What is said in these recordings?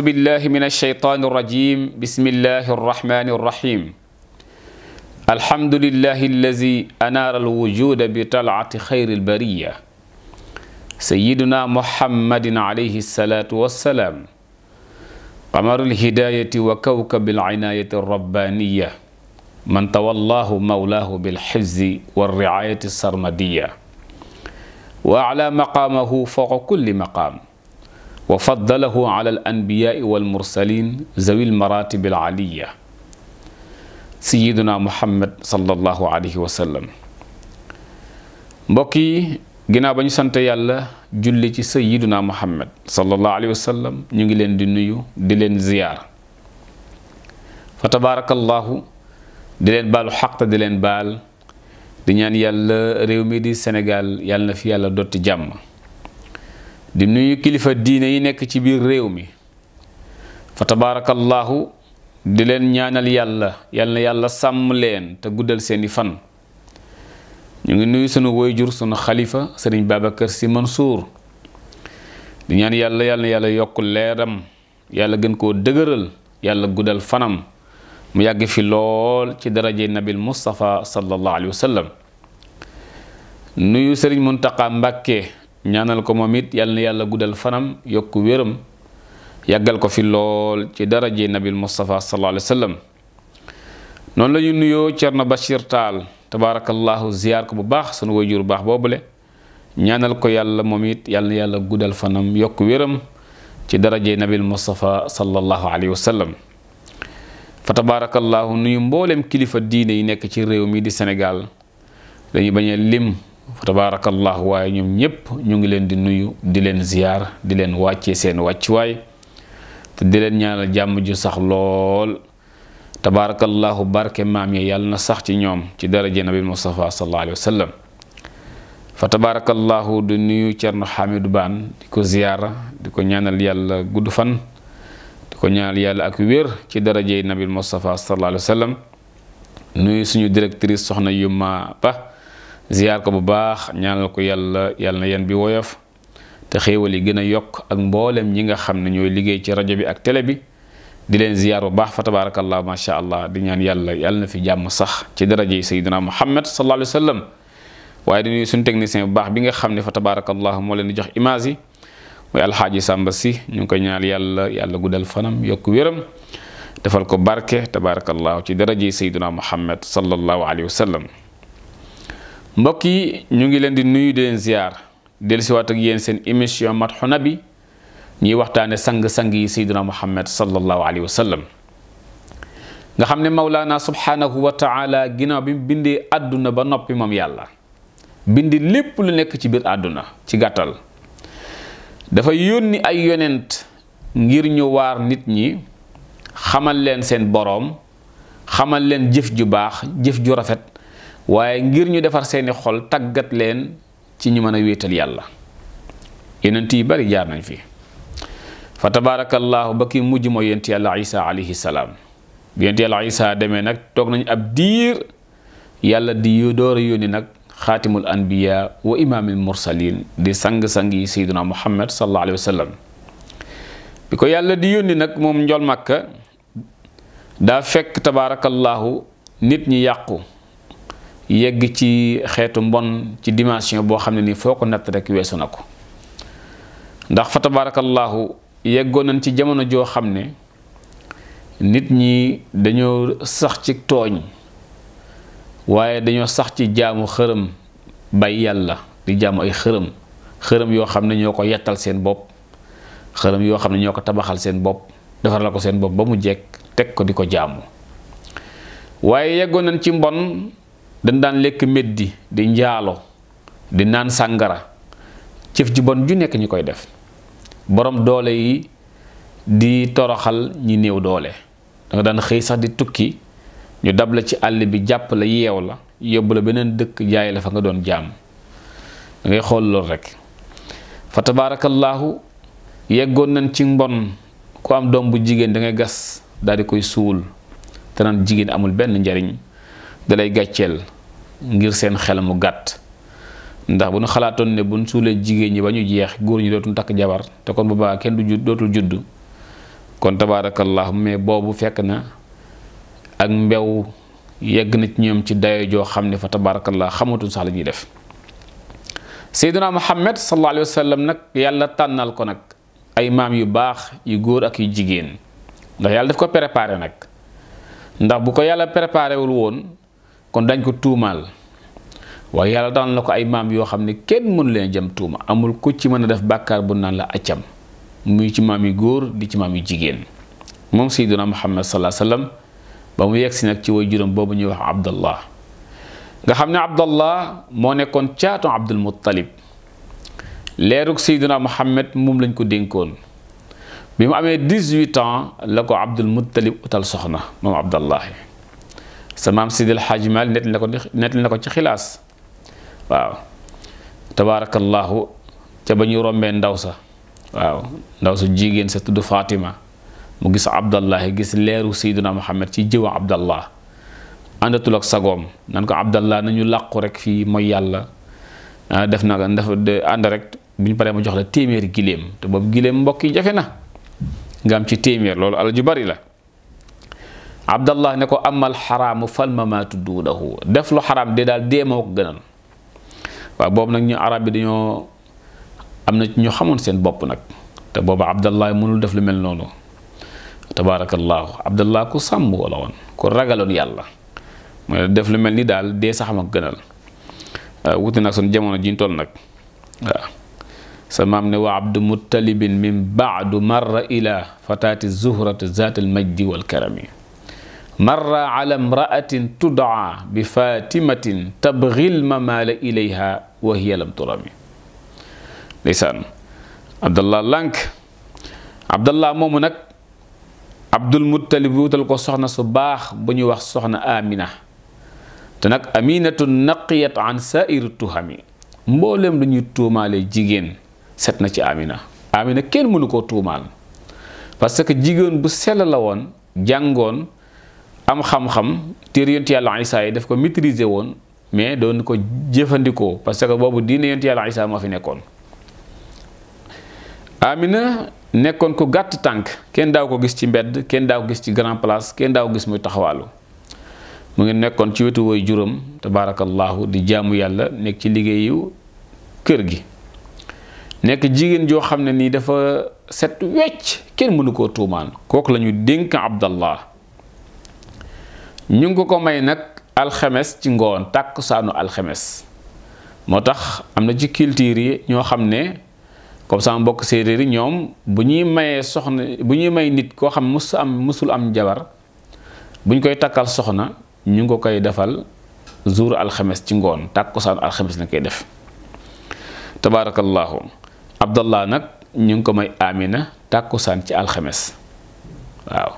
أعوذ بالله من الشيطان الرجيم بسم الله الرحمن الرحيم الحمد لله الذي أنار الوجود بطلعة خير البرية سيدنا محمد عليه الصلاة والسلام قمر الهداية وكوكب العناية الربانية من تولاه مولاه بالحفظ والرعاية السرمدية وأعلى مقامه فوق كل مقام wa faddalahu ala al anbiyaai wal mursalin al aliya sayiduna muhammad sallallahu alayhi wa sallam mbokk yi ginnaaw ba ñu sant yàlla julli ci sayiduna muhammad sallallahu alayhi wa sallam ñu ngi leen di nuyu di leen ziyaar fa tabaarakallahu di leen baalu xaqta di leen baal di ñaan yàlla réew mi di Sénégal na fi yàlla dotti jàmm di nuyu kilifa diine yi nekk ci biir réew mi fa tabaarakallaahu di leen ñaanal yàlla yal yàlla sàmm leen te guddal seeni fan ñu ngi nuyu sunu woyjur sunu xalifa sëriñ Babacar Sy Mansour di ñaan yàlla yàlla yàlla yokk leeram yàlla gën koo dëgëral yàlla guddal fanam mu yàgg fi lool ci daraje nabil Mustafa sallallahu alayhi wa nuyu sëriñ Muntaqa Mbàkke ñaanal ko moom it yal na yàlla guddal fanam yokk wéram yàggal ko fi lool ci daraje nabil Mustafa sallallahu alayhi wa noonu la ñu nuyoo Cerno Bachir Taal tabaarakallahu ziyaar ko bu baax sunu wayjur baax boobule ko yàlla moom it yal yàlla guddal fanam yokk wéram ci daraje nabil Mustafa sallallahu alayhi wa sallam nuyu mboolem kilifa diine yi nekk ci réew mi di senegal dañuy bañ lim. Tabarakallah tabarakallahu waaye ñoom ñépp ñu ngi leen di nuyu di leen ziyaar di leen wàccee seen te di leen ñaanal ju sax lool tabarakallahu barke maam ya yàlla na sax ci ñoom ci daraje nabi Mustafa sallallahu alayhi wa sallam fa tabarakallahu di nuyu Cerno Hamidou Bane di ko ziyaara ñaanal fan ñaanal ak ci daraje nabi Mustafa sallallahu sallam nuyu suñu directrice soxna Yuma Ba ziyaar ko bu baax ñaanal ko yàlla yàlla na yéen bi woyof te xéewal yi gën a yokk ak mboolem ñi nga xam ne ñooy liggéey ci rajo bi ak télé bi di leen ziyaar bu baax fa tabaarakallah macha allah di ñaan yàlla yàlla na fi jàmm sax ci daraje yi sayyidina muhammad sallallahu alayhi wa sallam waaye di nuyu suñu technicien bu baax bi nga xam ne fa tabaarakallah moo leen di jox image yi mooy sàmba si ñu ngi koy ñaanal yàlla yàlla guddal fanam yokk wéram defal ko barke tabaarakallah ci daraje yi sayyidina muhammad sallallahu alayhi wa sallam mbokk yi ñu ngi leen di nuyu di leen ziar dellusiwaat ak yéen seen émission Madhoun bi ñuy waxtaane sang-sang yi sayduna muhammad sallallahu alayhi wa nga xam ne mawlaana subhaanahu wa taala ginnaaw bi bindee àdduna ba noppi moom yàlla bindi lépp lu nekk ci biir àdduna ci gàttal dafa yónni ay yonent ngir ñu waar nit ñi xamal leen seen boroom xamal leen jëf ju baax jëf ju rafet waaye ngir ñu defar seeni xol tàggat leen ci ñu mën a wéetal yàlla yonent yi bari jaar nañ fi fa tabaarakallaahu ba ki mujj mooy yonent yàlla isa alayhi salaam bi yonent yàlla isa demee nag toog nañu ab diir yàlla di door a yónni nag xaatimul anbiya wa imaamil mursalin di sang-sang yi sayduna muhammad sallallahu alayhi wa sallam bi ko yàlla di yónni nag moom njol màkka daa fekk tabaarakallaahu nit ñi yàqu yegg ci xéetu mbon ci dimension bo xamné ni foko nat rek wessu nako ndax fa tabarakallah yeggoon nañ ci jamono jo xamné nit ñi dañu sax ci togn waye dañu sax ci jaamu xërem bay yalla di jaamu ay xërem xërem yo xamné ñoko yettal seen bop xërem yo xamné ñoko tabaxal seen bopp defaral ko seen bop ba mu jekk tek ko di jaamu waye yeggoon nañ ci mbon dañ daan lekk meddi di njaalo di naan sàngara cëf ju bon ju nekk ñu koy def boroom doole yi di toroxal ñi néew doole danga daan xëy sax di tukki ñu dab la ci àll bi jàpp la yeew la yóbbu la beneen dëkk jaay la fa nga doon jàmm dangay ngay xool loolu rek fa tabaarakallaahu yeggoon nañ ci mbon ku am doom bu jigéen da ngay gas daal koy suul te naan jigéen amul benn njariñ dalay gàcceel ngir seen xel mu gàtt ndax bu nu xalaatoon ne bu ñu suulee jigéen ñi ba ñu jeex góor ñi dootul takk jabar te kon boobaa kenn du judd dootul judd kon tabaarakallah mais boobu fekk na ak mbew yegg na ci ñoom ci dayo joo xam ne fa tabaarakallah xamatul sax la ñuy def seydina muhammad sallallahu alayhi wa nag yàlla tànnal ko nag ay maam yu baax yu góor ak yu jigéen ndax yàlla daf ko préparé nag ndax bu ko yàlla préparé woon kon dañ ko tuumaal waaye yàlla daan la ko ay maam yoo xam ne kenn mënu leen jëm tuuma amul ku ci mën a def bàkkaar bu naan la accam muy ci maam yu góor di ci maam yu jigéen moom sayyiduna muhammad salaa sallam ba mu yegg si nag ci way juróom boobu ñuy wax abdallah nga xam ne abdallah moo nekkoon caatu abdul muttalib leerug sayyiduna muhammad moom lañ ko dénkoon bi mu amee 18 ans la ko abdul muttalib utal soxna moom abdallahi sa maam Sidi El Hadj Malick nettali na ko nettali na ko ci xilaas waaw tabaarakallaahu ca ba ñu rombee ndaw sa waaw ndaw sa jigéen sa tudd Fatima mu gis Abdallahi gis leeru Seydina Muhammad ci jëwa Abdallah àndatul ak sagoom nan ko Abdallah nañu làqu rek fii mooy yàlla ah, def na dafa ànd rek bu ñu paree ma jox la téeméeri giléem te boobu giléem mbokk yi jafe na nga ci téeméer loolu alal ju bari la abdallah ne ko amal xaraamu fal ma maa tudduunahu def lu xaraam de daal dee ma ko gënal waaw boobu nag ñu arab bi dañoo am na ñu xamoon seen bopp nag te boobu abdallah mënul def lu mel noonu tabaarakallaahu abdallah ku sàmm wala woon ku ragaloon yàlla mooy def lu mel ni daal dee sax ma gënal wuti nag sun jamono ji ñu nag waaw sa ne wa abdu muttalibin min baadu marra ila fataati zuhrati zaat al majdi wal marra ala mraatin tudaa bi fatimatin tabghil mamaala ilayha wa hiya lam turami ndeysaan abdallah lànk abdallah moomu nag abdul muttalib wutal ko soxna su baax bu ñuy wax soxna amina te nag aminatu naqiyat an sairi tuhami mbooleem lu ñuy tuumaale jigéen set na ci amina amina kenn mënu koo tuumaal parce que jigéen bu sell la woon jàngoon am xam-xam téere yent yalla isa yi daf ko maîtriser won mais don ko jëfandikoo parce que bobu diine yent yalla isa moo fi nekkon Amina nekkon ko gatt tank ken daw ko gis ci mbedd ken daw gis ci grand place ken daw gis muy taxawalu mu ngi nekkon ci wetu way juróom tabarakallah di jaamu yalla nek ci yu kër gi nek jigen jo xamne ni dafa set wetch ken mënu koo tuumaan kooku la Abdallah ñu ngi ko ko may nag alxemes ci ngoon tàkkusaanu alxemes moo tax am na ci culture yi ñoo xam ne comme sama mbokk séeréer yi ñoom bu ñuy mayee soxna bu ñuy may nit koo xam mus am musul am jabar bu ñu koy takkal soxna ñu ngi ko koy defal jour alxemes ci ngoon tàkkusaanu alxemes lañ koy def tabaarakallaahu abdallah nag ñu ngi ko may amina tàkkusaan ci alxemes waaw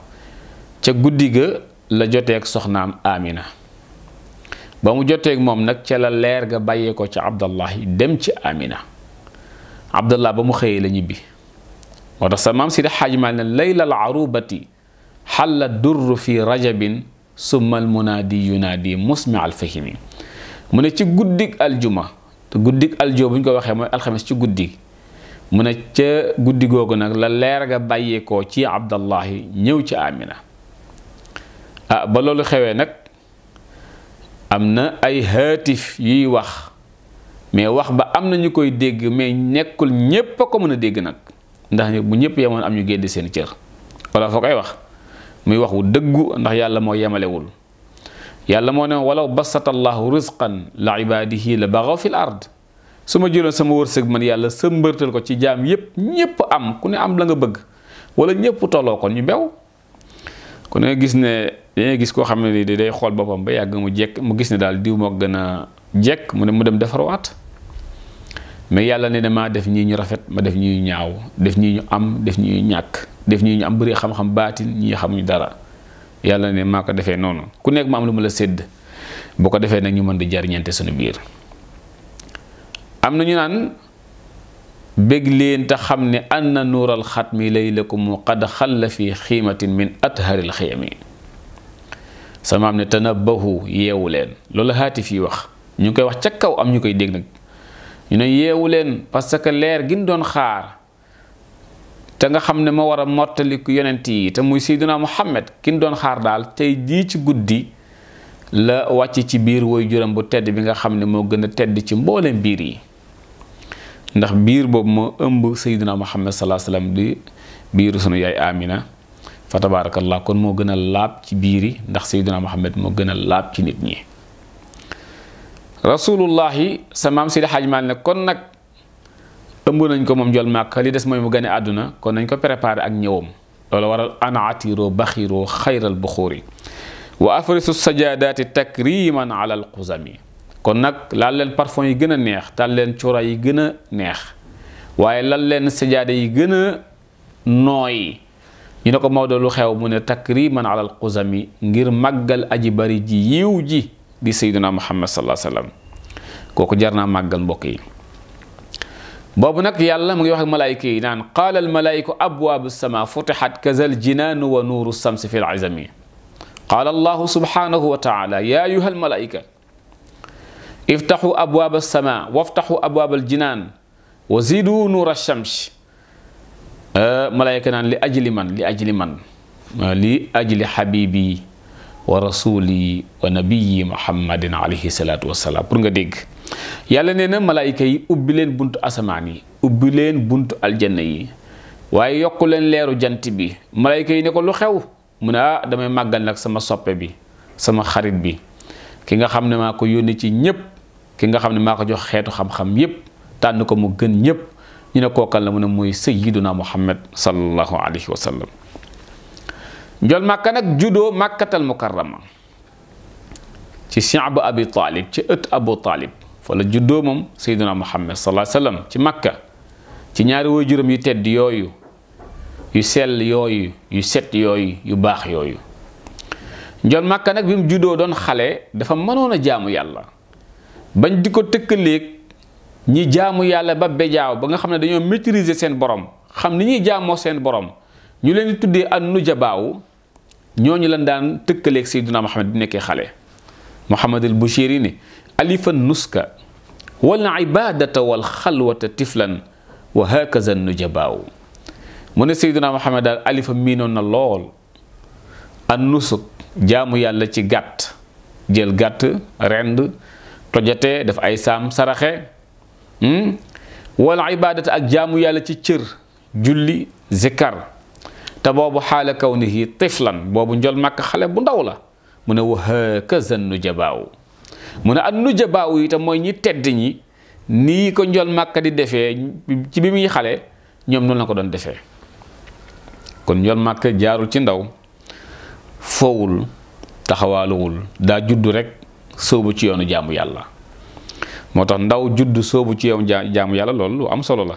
ca guddi ga la joteek soxnaam Amina ba mu joteeg moom nag ca la leer ga bàyyee ko ca Abdallahi dem ci Amina Abdallah ba mu xëyee la ñibbi moo tax sa maam si da xaajmaa ne laylal arubati xalla dur fi rajabin summal munaadi yunaadi musmi alfahimi mu ne ci guddig te guddig aljo bu ko waxee mooy alxames ci guddi mu ne ca guddi googu nag la leer ga bàyyeekoo ci Abdallahi ñëw ci Amina ah ba loolu xewee nag am na ay haatif yuy wax mais wax ba am na ñu koy dégg mais nekkul ñépp a ko mën a dégg nag ndax bu ñëpp yemoon am ñu génn seen cër wala foo koy wax muy wax wu dëggu ndax yàlla moo yemalewul yàlla moo ne walaw basata allahu risqan la ibadihi la baxaw fil ard su ma jëloon sama wërsëg man yàlla sëmbërtal ko ci jaam yépp ñépp am ku ne am la nga bëgg wala ñépp tolloo ko ñu bew ku ne gis ne dangay gis koo xam ne nii day xool boppam ba yàgg mu jekk mu gis ne daal diw moo gën a jekk mu ne mu dem defarwaat mais yàlla ne damaa def ñii ñu rafet ma def ñii ñu ñaaw def ñii ñu am def ñii ñu ñàkk def ñii ñu am bëri xam-xam baatin ñii xamuñu dara yàlla ne maa ko defee noonu ku nekk ma am lu ma la sédd bu ko defee nag ñu mën di jariñante suñu biir am na ñu naan bég leen te xam ne anna nuural xatmi laylakum qad xalla fi xiimatin min atharil xiyami sama am ne tanabahu yeewu leen loolu haatif yi wax ñu ngi koy wax ca kaw am ñu koy dégg nag ñu ne yeewu leen parce que leer gin doon xaar te nga xam ne ma war mottaliku yonent yi te muy seyduna muhammad ki ñu doon xaar daal tey jii ci guddi la wàcc ci biir woy juram bu tedd bi nga xam ne moo gën a tedd ci mboolem biir yi ndax biir boobu moo ëmb sayyidina muhammad salaa salaam di biiru sunu yaay amina fa tabaarakallah kon moo gën a laab ci biir yi ndax sayyidina muhammad moo gën a laab ci nit ñi rasulullahi sa maam sidi xaaj maal ne kon nag ëmb nañ ko moom jol màkk li des mooy mu gane àdduna kon nañ ko préparé ak ñëwam loolu waral ana atiroo baxiroo xayral buxuuri wa afrisu sajaadaati takriman ala alquzami kon nag laal leen parfum yi gën a neex taal leen cuuraay yi gën a neex waaye lal leen sajaada yi gën a nooy ñu ne ko Maodo lu xew mu ne takriman alal quzami ngir màggal aji bari ji yiw ji di sayyiduna muhammad sallallahu alayhi wasallam kooku jar naa màggal mbokk yi boobu nag yàlla mu ngi wax ak malaayika yi naan qaala al malaayiku abwaabu sama futixat kazal jinaanu wa nuuru samsi fi l azami qaala allahu wa taala ya ayuha al iftaxu abwaab alsama waftaxu abwaab aljinaan wa zidu nuur alchams euh, malayka naan li ajli man li ajli man euh, li ajli xabibi wa rasuli wa nabiyi muhammadin alayhi salaatu wasalaam pour nga dégg yàlla nee na malayka yi ubbi leen buntu asamaan yi ubbi leen buntu aljanna yi waaye yokk leen leeru jant bi malayka yi ne ko lu xew mu ne ah damay màggal nag sama soppe bi sama xarit bi ki nga xamne mako yoni ci ñepp ki nga xamne mako jox xeetu xam-xam yépp tan ko mu gën ñepp ñu ne kookal kan la mu ne moy sayyiduna muhammad sallallahu Alaihi Wasallam. jol makka nak judo makkatal mukarrama ci siab abi talib ci ut abu talib fa la judo mom sayyiduna muhammad sallallahu Alaihi Wasallam ci makka ci ñaari waajuram yu tedd yoyu yu sel yoyu yu set yoyu yu bax yoyu Njool Màkka nag bi mu juddoo doon xale dafa mënoon a jaamu yàlla bañ di ko tëkkaleeg ñi jaamu yàlla ba bejaaw ba nga xam ne dañoo maîtriser seen borom xam ni ñuy jaamoo seen borom ñu leen di tuddee an nujabaaw ñooñu lan daan tëkkaleeg Seydina Muhammad bi nekkee xale Muhammad al Bushiri ni alifan nuska wal ibadata wal xalwata tiflan wa hakaza baaw mu ne Seydina Muhammad daal alifa miinoon na lool an jaamu yàlla ci gàtt jël gàtt rend tojate def ay saam saraxe hmm? wala ibaadata ak jaamu yàlla ci cër julli zikkar te boobu xaale kaw ni hi tiflan boobu njol màkk xale bu ndaw la mu ne wa hakaza nujabaaw mu ne ak nujabaaw yi te mooy ñi tedd ñi nii ko njol màkk di defee ci bi muy xale ñoom noonu la ko doon defee kon njol màkk jaarul ci ndaw fowul taxawaaluwul daa judd rek sóobu ci yoonu jaamu yàlla moo tax ndaw judd soobu ci yoonu jaamu yàlla loolu lu am solo la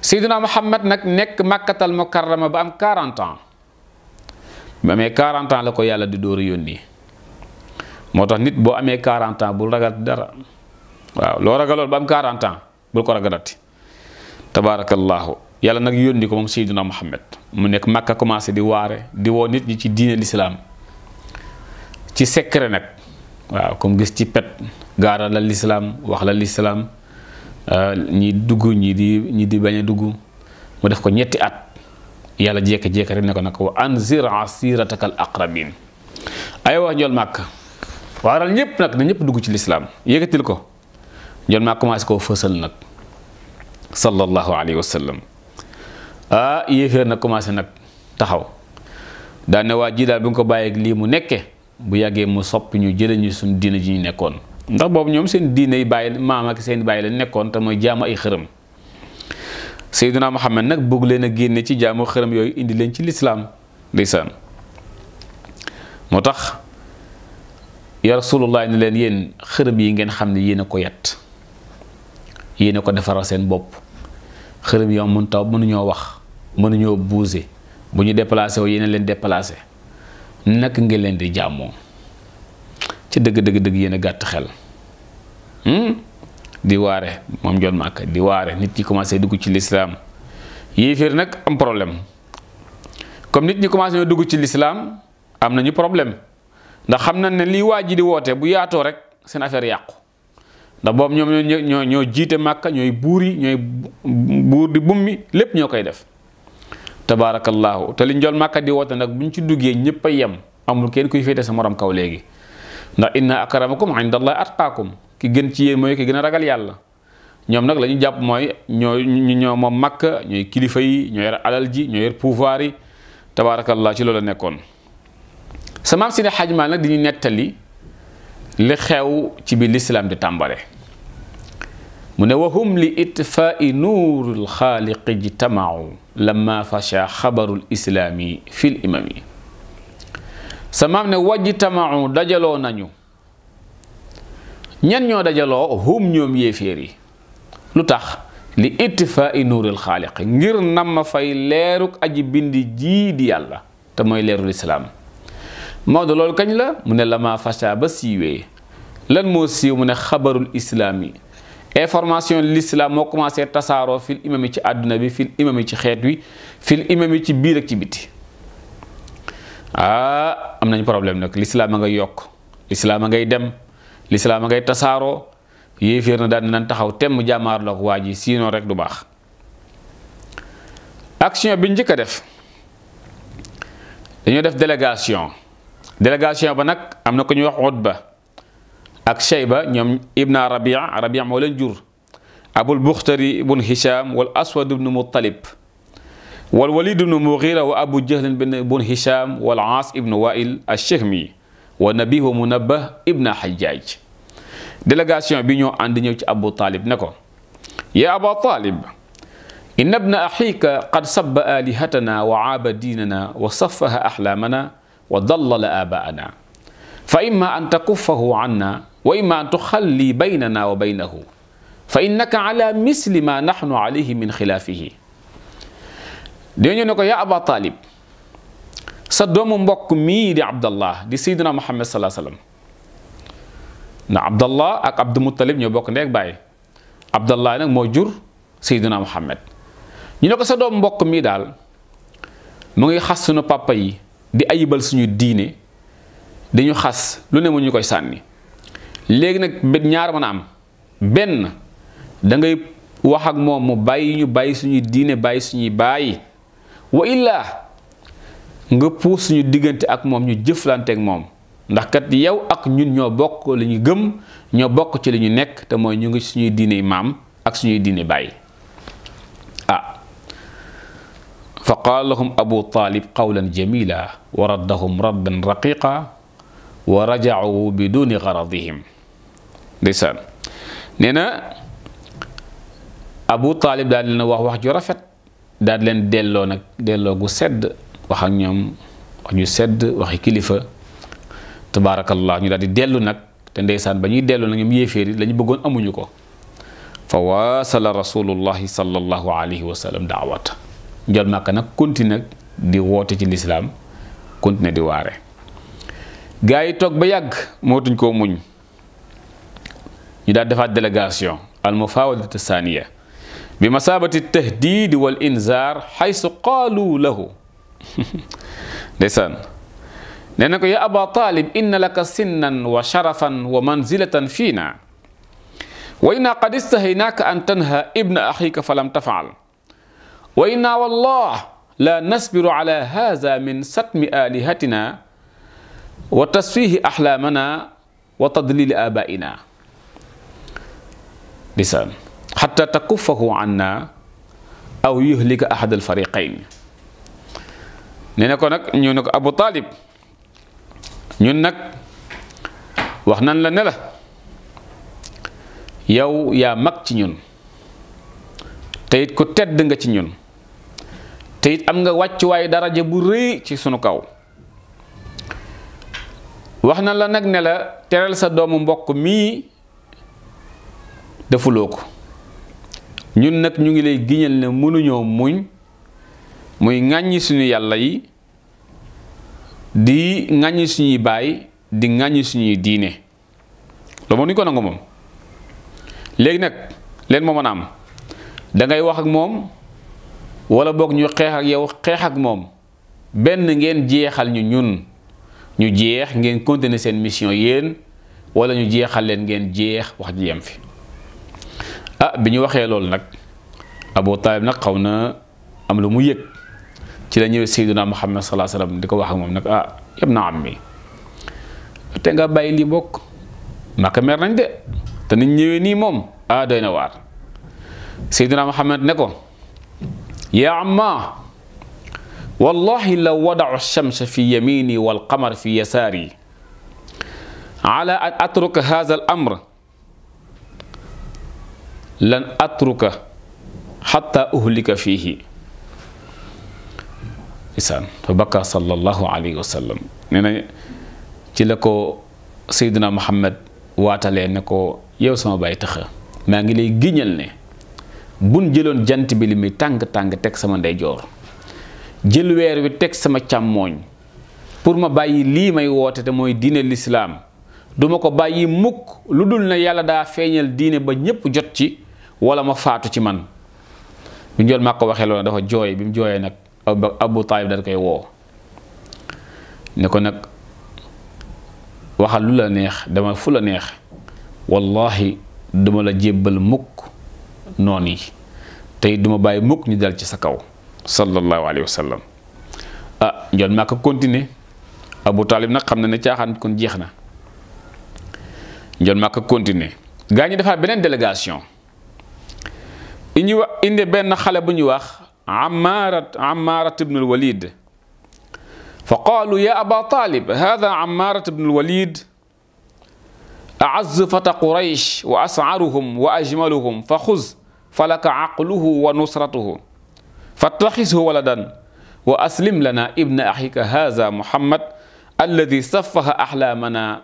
Seydina Muhammad nag nekk màkkatal mukarrama ba am 40 ans ba amee 40 la ko yàlla di dóor a yónni moo tax nit boo amee 40 ans bul ragal dara waaw loo ragalool ba am 40 ans bul ko ragalati tabaarakallaahu yàlla nag yónni ko moom Seydina Muhammad mu nekk Makka commencé di waare di woo nit ñi ci diine lislaam ci secret nag waaw comme gis ci pet gaara la lislaam wax la lislaam euh, ñi dugg ñi di ñi di bañ a dugg mu def ko ñetti at yàlla jékki-jékki rek ne ko nag wa anzir asirataka al aqrabin ay wax njool màkk waaral ñëpp nag na ñëpp dugg ci lislaam yëkkatil ko njool màkk commencé koo fësal nag sallallahu alayhi wa sallam ah yéeféer nag commencé nag taxaw daane waa jii daal bi nga ko bàyyeeg lii mu nekke bu yàggee mu soppi ñu jëlee ñu suñu diine ji ñu nekkoon ndax boobu ñoom seen diine yi bàyyi maam ak seen bàyyi la nekkoon te mooy jaamu ay xërëm Seydina Muhammad nag bëgg leen a génne ci jaamu xërëm yooyu indi leen ci lislaam ndeysaan moo tax ya rasulullah ni leen yéen xërëm yi ngeen xam ne yéen a ko yat yéen a ko defaral seen bopp xërëm yi mënu taw mënuñoo wax mënuñoo bouger bu ñu déplacé wu yéen leen déplacé nak ngi leen di jàmmoo ci dëgg dëgg dëgg yéen a gàtt xel hmm? di waare moom njoon màkk di waare nit ñi commencé dugg ci lislaam yéeféer nag am problème comme nit ñi commencé dugg ci lislaam am nañu problème ndax xam na ne lii waa ji di woote bu yaatoo rek seen affaire yàqu ndax boobu ñoom ñoo ñoo jiite màkk ñooy buur yi ñooy buur di bummi lépp ñoo koy def tabaarakallaahu te li njol màkka di woote nag ñu ci duggee ñëpp a yem amul kenn kuy féete sa morom kaw léegi ndax inna akramakum indallahi atqaakum ki gën ci yéen mooy ki gën a ragal yàlla ñoom nag la ñu jàpp mooy ñoo ñoo moom ñooy kilifa yi ñoo yor alal ji ñoo yor pouvoir yi tabaarakallah ci loolu la nekkoon sa maam si ne xajmaa nag di ñu nettali li xew ci biir lislaam di tàmbale mu ne wahum li itfaai nuuril xaaliqi jtamau lamma fasha xabarul islaami fil imami sa maam ne wajtamau dajaloo nañu ñan ñoo dajaloo hum ñoom yéeféer yi lu tax li ittifaai nuuril xaaliq ngir nam fay leeruk aji bind jii di yàlla te mooy leerul islaam Maodo loolu kañ la mu ne lama fasha ba siiwee lan moo siiw mu ne xabarul islaami information l'islam moo commencé tasaaroo fil yi ci àdduna bi fil imami ci xeet wi fii fil imami ci biir ak ci biti ah am nañ problème nag l'islam a ngay yokk l'islam a ngay dem l'islam a ngay tasaaroo yéeféer na daan nañ taxaw temm jàmmaarloog waa ji sinon rek du baax action bi njëkk a def dañoo def délégation délégation ba nag am na ko ñuy wax ba ak shayba ñom ibna rabi' rabi' mo len jur abul bukhtari ibn hisham wal aswad ibn muttalib wal walid ibn mughira wa abu jahl ibn hisham wal as ibn wail ash-shahmi wa nabi munabbah ibn hajjaj délégation bi ñoo ànd ñëw ci abu talib nako ya abu talib إن ابن احيك قد سب آلهتنا وعاب ديننا وصفها أحلامنا وضلل آباءنا فإما أن تكفه عنا wa imma an tuxalli baynana wa baynahu fa innaka ala misli ma nahnu alayhi min xilaafihi dañu ne ko yaa aba taalib sa doomu mbokk mii di abdallah di saydina muhammad salaa sallam na abdallah ak abdu muttalib ñoo bokk abdallah nag moo jur saydina muhammad ñu ne sa doomu mbokk mii daal mu ngi xas suñu papa yi di ayibal suñu diine dañu xas lu ne mu ñu koy sànni léegi nag ñaar mën am benn dangay ngay wax ak moom mu bàyyi ñu bàyyi suñuy diine bàyyi suñuy bàyyi wa illaa nga puus suñu diggante ak moom ñu jëflante ak moom ndax kat yow ak ñun ñoo bokk li ñu gëm ñoo bokk ci li ñu nekk te mooy ñu ngi suñuy diine maam ak suñuy diine bàyyi ah fa qaala lahum abu taalib qawlan jamila wa raddahum raddan raqiqa wa rajacuu bi duni garadihim ndeysaan nee na Abu Taalib daal leen wax wax ju rafet daal leen delloo nag delloo gu sedd wax ñoom wax ju sedd waxi kilifa tabaarakallah ñu daal di dellu nag te ndeysaan ba ñuy dellu nag ñoom yéeféer yi bëggoon amuñu ko fa waasala rasulullahi sallallahu alayhi wa sallam daawata njol màkk nag continue nag di woote ci lislaam continue di waare gaa yi toog ba yàgg mootuñ koo muñ يدار دفع دلegation المفاوضة الثانية بمثابة التهديد والإنذار حيث قالوا له لسان لأنك يا أبا طالب إن لك سنا وشرفا ومنزلة فينا وإن قد استهيناك أن تنهى ابن أخيك فلم تفعل وإنا والله لا نصبر على هذا من ستم آلهتنا وتسفيه أحلامنا وتضليل آبائنا lisaan xatta takuffahu anna aw yuhlika ahad al fariqayn ne ne ko nag ñu ne ko Abu Talib ñun nag wax nan la ne la yow yaa mag ci ñun te it ku tedd nga ci ñun te am nga wàccuwaay daraja bu rëy ci sunu kaw wax na la nag ne la teral sa doomu mbokk mii defuloo ko ñun nag ñu ngi lay giñal ne mënuñoo muñ muy ŋàññi suñu yàlla yi di ŋàññi suñuy baay di ŋàññi suñuy diine loolu moom ni ko nangu moom léegi nag leen moo mën a am dangay wax ak moom wala boog ñu xeex ak yow xeex ak moom benn ngeen jeexal ñu ñun ñu jeex ngeen continuer seen mission yéen wala ñu jeexal leen ngeen jeex wax ji yem fi ah bi ñu waxee loolu nag Abu Taalib nag xaw na am lu mu yëg ci la ñëwee Seydina Muhammad salaa salaam di ko wax ak moom nag ah yab na am mi te nga bàyyi lii bokk màkk mer nañ de te niñ ñëwee nii moom ah doy na waar Seydina Muhammad ne ko yaa amma wallahi law wadau alchamsa fi yamini walqamar fi yasaari ala an atruka haza al amr lan atruka xatta uhlika fiihi isaan fa bakka sallallahu alayhi wa sallam nee na ci la ko seydina muhammad waatalee ne ko yow sama baay tëxa maa ngi lay giñal ne bun jëloon jant bi li muy tàng-tàng teg sama ndeyjoor jël weer wi teg sama càmmooñ pour ma bàyyi lii may woote te mooy diine lislaam duma ko bàyyi mukk lu dul na yàlla daa feeñal diine ba ñépp jot ci wala ma faatu ci man bi njool maa ko waxee loolu dafa jooy bi mu jooyee nag abu taalib daal koy woo ne ko nag waxal lu la neex dama fu la neex wallahi duma la jébbal mukk noon yi tey duma bàyyi mukk ñu dal ci sa kaw sallallahu alayhi wa sallam ah njool maa ko continuer abu taalib nag xam na ne caaxaan kon jeex na njool maa ko continuer gaa ñi dafa beneen délégation indi wa indi benn xale bu ñuy wax عمارة عمارة بن الوليد فقالوا يا أبا طالب هذا عمارة بن الوليد أعز فتى قريش وأسعرهم وأجملهم فخذ فلك عقله ونصرته فاتخذه ولدا وأسلم لنا ابن أخيك هذا محمد الذي سفه أحلامنا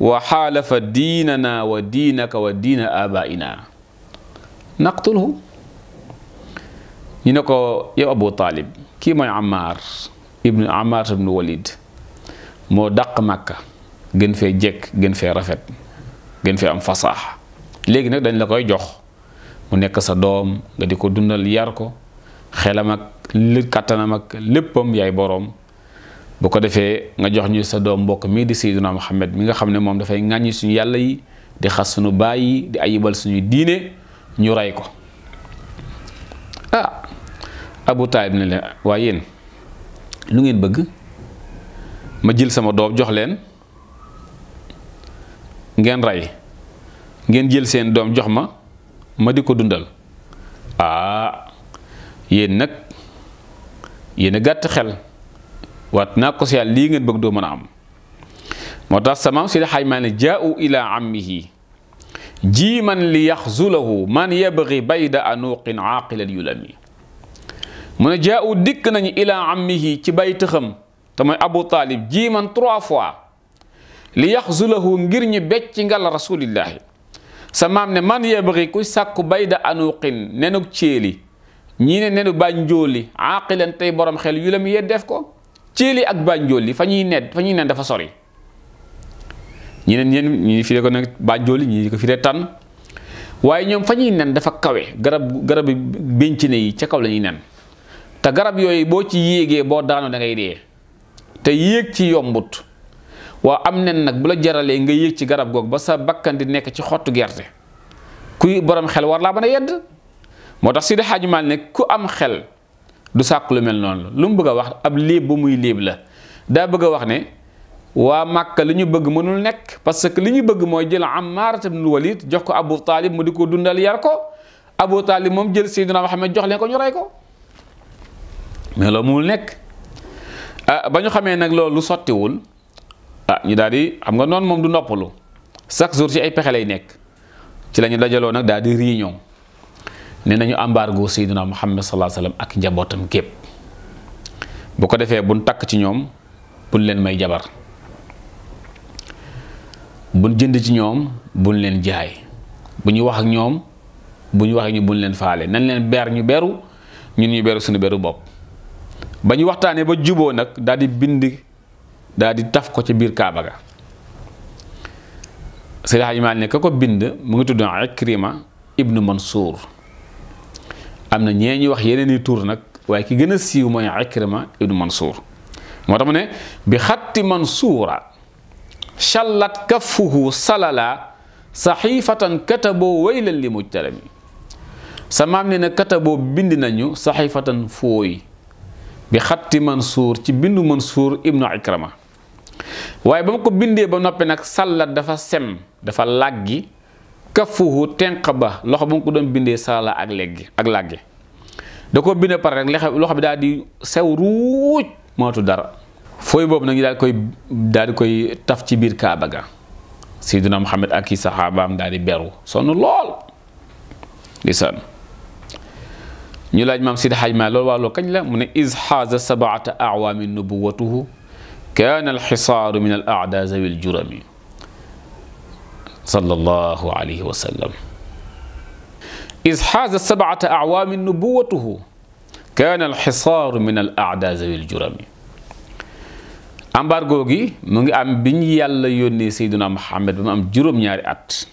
وحالف ديننا ودينك ودين آبائنا naqtulhu ñu ne ko yow Abu Taalib kii mooy Ammaar ibnu Ammaar ibnu Walid moo dàq Màkka gën fee jekk gën fee rafet gën fee am fasaax léegi nag dañ la koy jox mu nekk sa doom nga di ko dundal yar ko xelam ak li kàttanam ak léppam yaay boroom bu ko defee nga jox ñu sa doom mbokk mii di Seydina Muhammad mi nga xam ne moom dafay ŋàññi suñu yàlla yi di xas suñu baay yi di ayibal suñu diine ñu rey ko ah Abu Taalib ne leen waaye yéen lu ngeen bëgg ma jël sama doom jox leen ngeen rey ngeen jël seen doom jox ma ma di ko dundal ah yéen nag yéen a gàtt xel wat naa ko si yàlla lii ngeen bëgg doo mën a am moo tax samaam si la xaymaa ne jaa'u ilaa ammihi jiiman li yaxzulahu man yabgi bayda anuqin aaqilan yulami mu ne jaa u dikk nañu ilaa ammihi ci bay tëxam te mooy abu taalib jiiman trois fois li yaxzulahu ngir ñu becc ngal rasulillahi sa maam ne man yabgi kuy sàkku bayda anuqin nenug céeli ñii ne nenu bànjooli aaqilan tey borom xel yulami yee def ko céeli ak bànjooli fa ñuy nedd fa ñuy nen dafa sori ñeneen ñeen ñi firee ko nag bàjjooli ñi ko firee tànn waaye ñoom fa ñuy nen dafa kawe garab garab benc ne yi ca kaw la ñuy nen te garab yooyu boo ci yéegee boo daanoo da ngay dee te yéeg ci yombut waa am nen nag bu la jaralee nga yéeg ci garab goog ba sa bakkan di nekk ci xottu gerte kuy borom xel war laa mën a yedd moo tax Sidi Hadj Mal ne ku am xel du sàkk lu mel noonu lu mu bëgg a wax ab léeb bu muy léeb la daa bëgg a wax ne. waa Màkka li ñu bëgg mënul nekk parce que li ñu bëgg mooy jël am Ammaar ibnul Walid jox ko Abu Talib mu di ko dundal yar ko Abu Talib moom jël Seydina Muhammad jox leen ko ñu rey ko mais loolu mënul nekk ah ba ñu xamee nag loolu sottiwul ah ñu daal di xam nga noonu moom du noppalu chaque jour ci ay pexe lay nekk ci lañu ñu nag daal di réunion ne nañu embargo Seydina Muhammad sallallahu alayhi wasallam ak njabootam képp bu ko defee buñ takk ci ñoom buñ leen may jabar buñ jënd ci ñoom buñ leen jaay bu ñu wax ak ñoom bu ñu wax ak ñu buñ leen faale nañ leen beer ñu beru ñun ñu beru suñu beru bopp ba ñu waxtaanee ba juboo nag daal bind daal taf ko ci biir Kaaba ga Seydi Hajji Maalik nekk ko bind mu ngi tudd Ikrima ibnu Mansour am na ñuy wax yeneen i tur nag waaye ki gën a siiw mooy Ikrima ibnu Mansour moo tax mu ne bi xatti Mansuura shallat kaffuhu salala saxiifatan kataboo waylan li mujtalami sa maam ne na kataboo bind nañu saxiifatan fooy bi xatti Mansuur ci bindu Mansuur ibnu Ikrama waaye ba mu ko bindee ba noppi nag sàllat dafa sem dafa làggi kafuhu tenq ba loxo ba mu ko doon bindee sàlla ak leggi ak làggi da ko bindee pare rek loxo bi daal di sew ruuj mootu dara foy bob nak dal koy dal koy taf ci bir Kaaba ga sayyiduna Muhammad ak sahaba am dal di beru sonn lol lisan ñu laaj mam Sidi hajma lol loolu waa loolu kañ la mu ne sab'ata xaaza sabaata awaami nubuwatuhu kaana alxisaaru min al aada zawi ljurami sallallahu alayhi wa sallam iz xaaza sabaata awaami nubuwatuhu kaana alxisaaru min al aada zawi embargo gi mu ngi am bi ñu yàlla yónnee Seydina Muhammad ba mu am juróom-ñaari at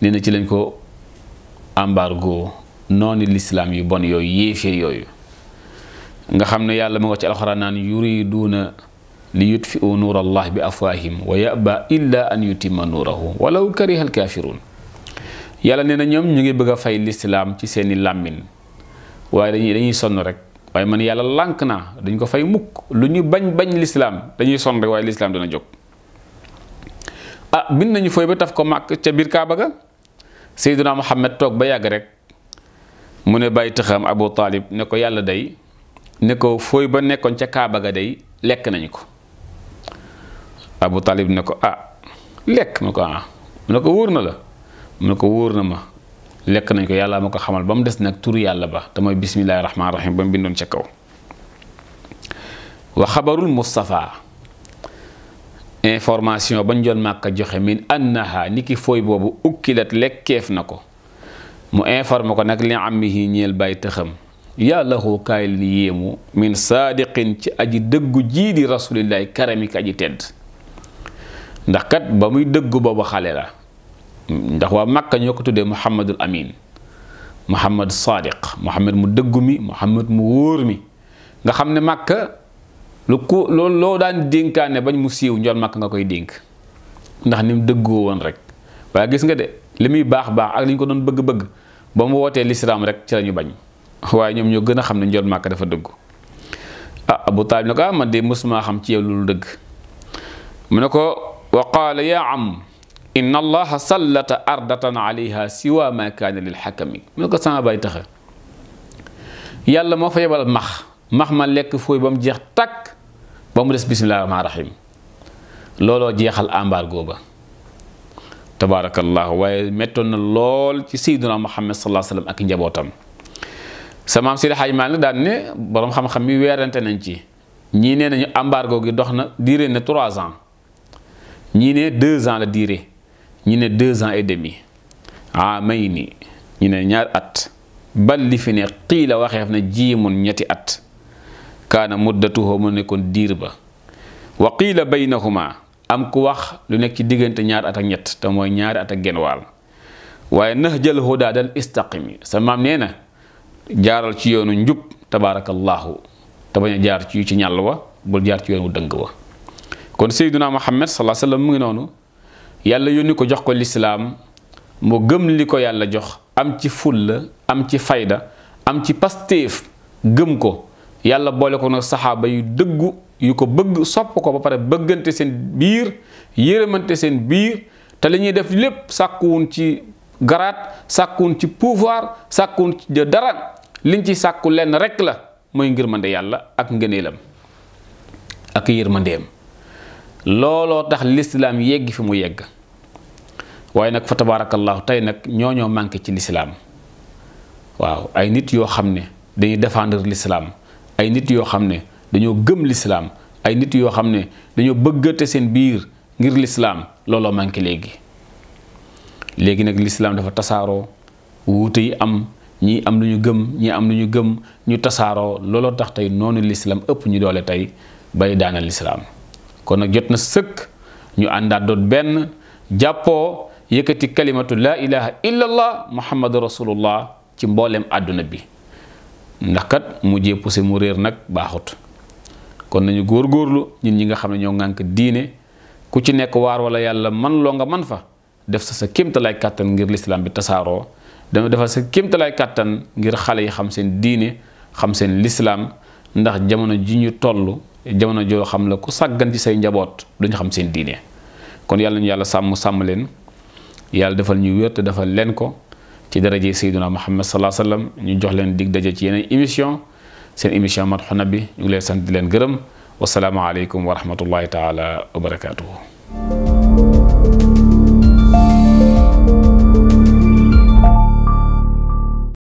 nee na ci lañ ko embargo noonu lislaam yu bon yooyu yéeféer yooyu nga xam ne yàlla ma nga ci alxuraan yuriduuna li yutfiu nuur allah bi afwaahim wa yaba illa an yutimma nuurahu walaw kariha alkaafiruun yàlla nee ñoom ñu ngi bëgga fay lislaam ci seeni làmmin waaye dañuy sonn rek waaye man yàlla lànk naa dañ ko fay mukk lu ñu bañ bañ lislaam dañuy son rek waaye lislaam dana jóg ah bind nañu fooy ba taf ko màkk ca biir kaaba ga seyduna muhammad toog ba yàgg rek mu ne bàyyi tëxam abu taalib ne ko yàlla day ne ko fooy ba nekkoon ca kaaba ga day lekk nañu ko abu taalib ne ko ah lekk mu ne ko ah. wóor na la mu ne ko wóor na ma lek nañ ko yàlla mako xamal bam dess nak nag turu yàlla ba te moy bismillahir rahmanir rahim bam bindon ci kaw wa khabarul mustafa information bañ njoon màkka joxe min annaha niki foy bobu ukilat ukkilat lekkeef na mu informe ko nak li ammihi ñeel bàyyi tëxam ya lahu kayl li yéemu min sadiqin ci aji dëggu ji di rasulillahi karami ki aji tedd ndax kat bamuy muy dëggu boobu xale la ndax waa Makka ñoo ko tuddee Muhammadul Amin Muhammad Sadiq Muhammad mu dëggu mi Muhammad mu wóor mi nga xam ne Makka lu ku loolu loo daan dénkaane bañ mu siiw njool Makka nga koy dénk ndax ni mu dëggoo woon rek waaye gis nga de li muy baax baax ak li ñu ko doon bëgg-bëgg ba mu wootee lislaam rek ci la ñu bañ waaye ñoom ñoo gën a xam ne njool Makka dafa dëggu ah Abu Taalib ne ko ah man de mosuma xam ci yow loolu dëgg mu ne ko wa qaala yaa am إن الله سلط أرضا عليها سوى ما كان للحكم من قصة أبي تخر يلا ما في بال مخ مخ ملك فوي بمجيخ تك بمدرس بسم الله الرحمن الرحيم لولو جيخ الأنبار قوبا تبارك الله ومتون لول سيدنا محمد صلى الله عليه وسلم أكن جبوتم سمام سيد حي مالي داني بروم خم خمي ويرنت ننجي ñi né nañu embargo gi doxna diré né 3 ans ñi né 2 ans la diré ñu ne deux ans et demi amay ni ñu ne ñaar at bal li fi ne xiila waxeef na jiimun ñetti at kaana muddatuhu mu nekkoon diir ba wa qiila baynahuma am ku wax lu nekk ci diggante ñaar at ak ñett te mooy ñaari at ak genn waal waaye nax jël hudaa dal istaqimi sa maam nee na jaaral ci yoonu njub tabaarakallaahu te bañ a jaar ci ci ñàll wa bul jaar ci yoonu dëng wa kon sayyiduna muhammad sallallahu mu ngi noonu yàlla yónni ko jox ko lislaam mu gëm li ko yàlla jox am ci fulla am ci fayda am ci pastéef gëm ko yàlla boole ko nag saxaaba yu dëggu yu ko bëgg sopp ko ba pare bëggante seen biir yërëmante seen biir te li ñuy def lépp sàkkuwun ci garaat sàkkuwun ci pouvoir sàkkuwun ci dara liñ ci sàkku lenn rekk la mooy ngir ngërmande yàlla ak ngëneelam ak yërmandeem looloo tax lislaam yegg fi mu yegg waaye nag fa tabaarakallaahu tey nag ñoo ñoo manqué ci lislaam waaw ay nit yoo xam ne dañuy défendre lislaam ay nit yoo xam ne dañoo gëm lislaam ay nit yoo xam ne dañoo bëggate seen biir ngir lislaam looloo manqué léegi léegi nag lislaam dafa tasaaroo wuute yi am ñii am lu ñu gëm ñii am lu ñu gëm ñu tasaaroo looloo tax tey noonu lislaam ëpp ñu doole tey bay daana lislaam kon nak jotna seuk ñu àndaat dot ben jappo yekati kalimatu la ilaha illallah Muhammad rasulullah ci mbollem aduna bi ndax kat mu jee poussé mu réer nak baxut kon nañu gorlu ñin ñi nga xamne ne ñoo ngank diine ku ci nek war wala yalla man lo nga man fa def sa sa kéemtalaay katan ngir l'islam bi tasaaroo dama defal sa kéemtalaay katan ngir xalé yi xam sen diine xam sen l'islam ndax jamono ji ñu tollu jamono joo xam la ku sàggan ci say njaboot duñu xam seen diine kon yàlla ñu yàlla sàmm sàmm leen yàlla defal ñu wér te defal leen ko ci daraje sayyiduna muhammad salaa sallam ñu jox leen dig daje ci yeneen émission seen émission Madhoun bi ñu ngi leen sant di leen gërëm wasalaamualeykum wa rahmatullahi taala wa barakaatuhu